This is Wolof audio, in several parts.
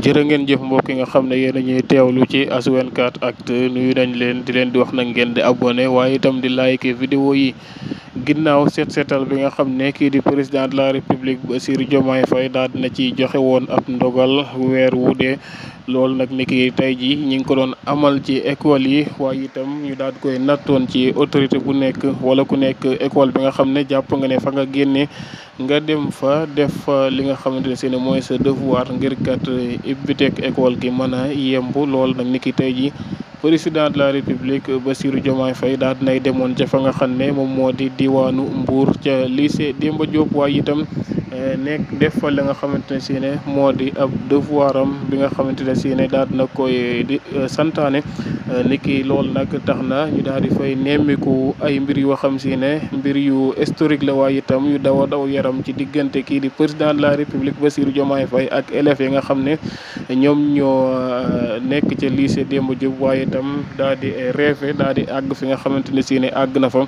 jërë ngeen jëf mbokk yi nga xam ne yéen a ñuy teewlu ci As24 Actu nuyu nañ leen di leen di wax nag ngeen di abonné waaye itam di like vidéo yi ginnaaw seet seetal bi nga xam ne kii di président de la république Bassirou Diomaye Faye daal dina ci joxe woon ab ndogal weer wu dee loolu nag ni ki tey ji ñi ngi ko doon amal ci école yi waaye itam ñu daal koy nattoon ci autorité bu nekk wala ku nekk école bi nga xam ne jàpp nga ne fa nga génne nga dem fa def li nga xamante ne seeni mooy sa devoir ngir kat ubbi teg école gi mën a yemb loolu nag ki tey ji président de la république Bassirou Diomaye Faye daal dinay demoon ca fa nga xam ne moom moo di diwaanu Mbour ca lycée Demba Diop waaye itam eh, nekk def fa la nga xamante ne si ne moo di ab devoir am bi nga xamante ne si na koy eh, di eh, santaane niki loolu nag tax na ñu daal di fay nemmiku ay mbir yoo xam si ne mbir yu historique la waaye itam yu daw daw yaram ci diggante kii di président de la république ba Bassirou Diomaye Faye ak élèves yi nga xam ne ñoom ñoo nekk ca lycée Demba Diop itam daa di reefe daa di àgg fi nga xamante ne si ne àgg na fa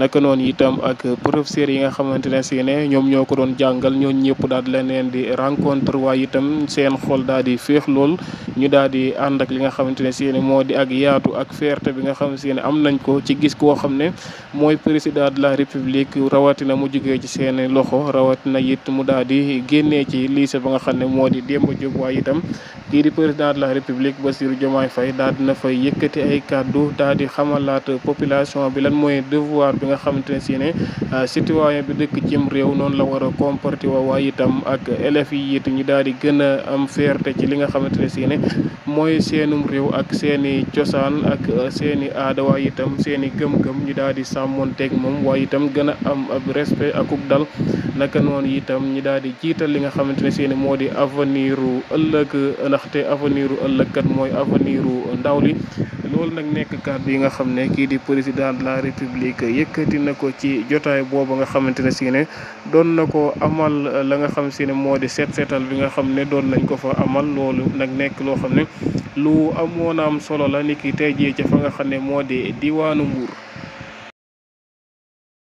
naka noonu itam ak professeurs yi nga xamante ne si ne ñoom ñoo ko doon jàngal ñoo ñëpp daal di leen di rencontre waaye itam seen xol daal di féex lool ñu daal di ànd ak li nga xamante ne si moo di ak yaatu ak fierté bi nga xam si ne am nañ ko ci gis koo xam ne mooy président de la république rawatina mu jógee ci seeni loxo rawatina yit mu daal di génnee ci lycée ba nga xam ne moo di Demba Diop waaye itam kii di président de la république Bassirou Diomaye Faye yëkkati ay kàddu daal di xamalaat population bi lan mooy devoir bi nga xamante ne si ne ah, citoyen bi dëkk cim réew noonu la war a comporter waaye itam ak élèves yi it ñu daal di gën a am fierté ci li nga xamante ne si ne mooy seenum réew ak seeni cosaan ak ah, seeni aada waaye itam seeni gëm-gëm ñu daal di sàmmonteeg moom waaye itam gën a am ab respect akub dal naka noonu itam ñi daal di jiital li nga xamante ne seeni moo di avenir u ëllëg ndaxte avenir u ëllëg kat mooy avenir ndaw li loolu nag nekk kàddu yi nga xam ne kii di président de la république yëkkati na ko ci jotaay boobu nga xamante ne si ne doon na ko amal la nga xam si ne moo di seet seetal bi nga xam ne doon nañ ko fa amal loolu nag nekk loo xam ne lu amoon am solo la ni ki tey jii ca fa nga xam ne moo di diwaanu Mbuur